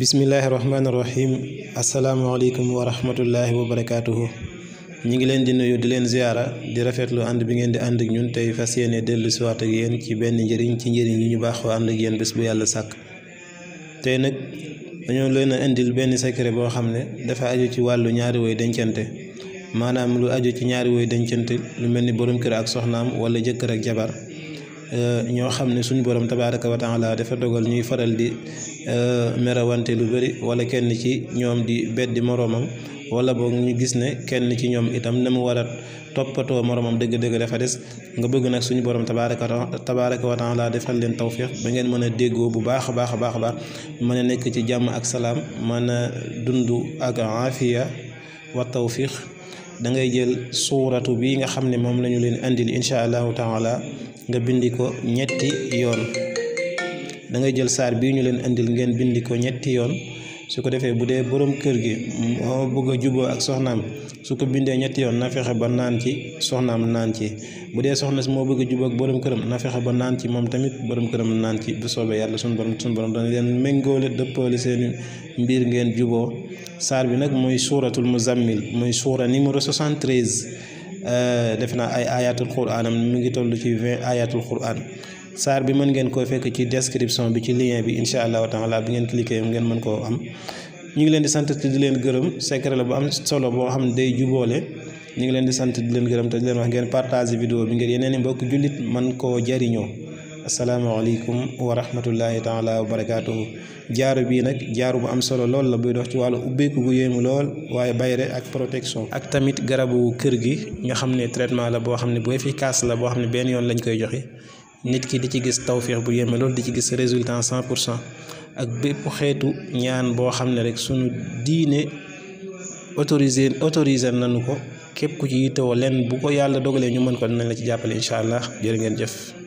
bismillahi rahmaani rahim asalaamaaleykum wa rahmatullahi wa barakaatuhu ñu ngi leen di nuyu di leen ziyaara di rafetlu ànd bi ngeen di ànd ñun tey fas yéene dellu siwaat ak yéen ci benn njëriñ ci njëriñ yi ñu baaxoo ànd ak yéen bés bu yàlla sàkk tey nag dañoo leen a indil benn secret boo xam ne dafa aju ci wàllu ñaari way dencante maanaam lu aju ci ñaari way dencante lu mel ni borom kër ak soxnaam wala jëkkër ak jabar ñoo xam ne suñu borom tabaaraka wa taala dafa dogal ñuy faral di merawante lu bari wala kenn ci ñoom di beddi moroomam wala boog ñu gis ne kenn ci ñoom itam na mu war a toppatoo moromam dëgg-dëgg dafa des nga bëgg nag suñu borom tabaaraka tabaaraka wa taala defal leen tawfiq ba ngeen mën a déggoo bu baax a baax a baax baax mën a nekk ci jàmm ak salaam mën a dund ak aafiya wa tawfiq da ngay jël suuratu bii nga xam ne moom la ñu leen indil incha allahu taala nga bindi ko ñetti yoon dangay jël saar bii ñu leen indil ngeen bindi ko ñetti yoon su ko defee bu dee borom kër gi moo bëgg a juboo ak soxnaam su ko bindee ñetti yoon na fexe ba naan ci soxnaam naan ci bu dee soxna si moo bëgg a juboo ak borom këram na fexe ba naan ci moom tamit borom këram naan ci bu soobee yàlla sunu borom sunu borom dana leen méngoole dëppoole seen mbir ngeen juboo saar bi nag mooy suuratul muzammil mooy suura numéro 73 def naa ay ayatul quran am mi ngi toll ci 20 ayatul quran saar bi mën ngeen koo fekk ci description bi ci lien bi incha allahu taala bi ngeen cliqué yam ngeen mën koo am ñu ngi leen di sant te di leen gërëm secret la bu am solo boo xam ne day juboole ñu ngi leen di sant di leen gërëm te di leen wax ngeen partage vidéo bi ngeen yeneen i mbokk jullit mën koo jariñoo asalaamaaleykum wa rahmatullahi taala wa barakaatuhu jaaru bii nag jaaru bu am solo lool la buy dox ci wàllu ubbeeku gu yéemu lool waaye bayre ak protection ak tamit garabu kër gi nga xam ne traitement la boo xam ne bu efficace la boo xam ne benn yoon lañ koy joxe nit ki di ci gis tawféex bu yéeme lool di ci gis résultat cent pour cent ak bépp xeetu ñaan boo xam ne rek sunu diine autorisé autorisé nañu ko képp ku ci yittewoo lenn bu ko yàlla dogalee ñu mën ko dinañ la ci jàppale incha allah jërë ngeen jëf